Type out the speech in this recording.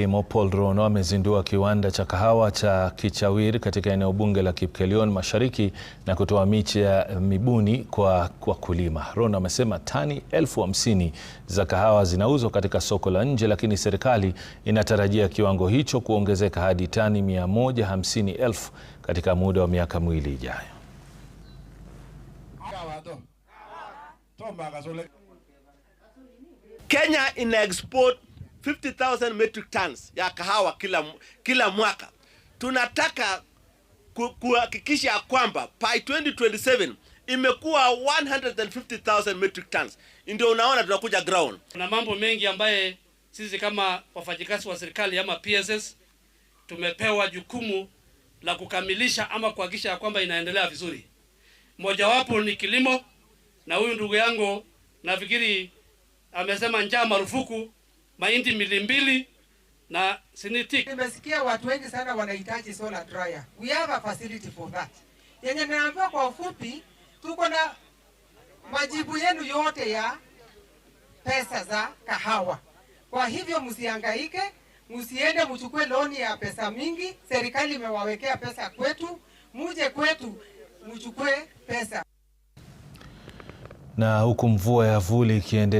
kilimo Paul Rono amezindua kiwanda cha kahawa cha Kichawiri katika eneo bunge la Kipkelion Mashariki na kutoa miche ya mibuni kwa wakulima. Rono amesema tani elfu hamsini za kahawa zinauzwa katika soko la nje, lakini serikali inatarajia kiwango hicho kuongezeka hadi tani 150,000 katika muda wa miaka miwili ijayo. Kenya ina export 50,000 metric tons ya kahawa kila, kila mwaka. Tunataka kuhakikisha kwamba by 2027 imekuwa 150,000 metric tons. Ndio unaona tunakuja ground. Kuna mambo mengi ambaye sisi kama wafanyikazi wa serikali ama PSS tumepewa jukumu la kukamilisha ama kuhakikisha ya kwamba inaendelea vizuri. Mojawapo ni kilimo, na huyu ndugu yangu nafikiri amesema njaa marufuku mahindi mbili na sinitik. Nimesikia watu wengi sana wanahitaji solar dryer. We have a facility for that. Yenye naambiwa kwa ufupi, tuko na majibu yenu yote ya pesa za kahawa. Kwa hivyo msihangaike, msiende mchukue loni ya pesa mingi. Serikali imewawekea pesa kwetu, muje kwetu mchukue pesa. Na huku mvua ya vuli ikiendelea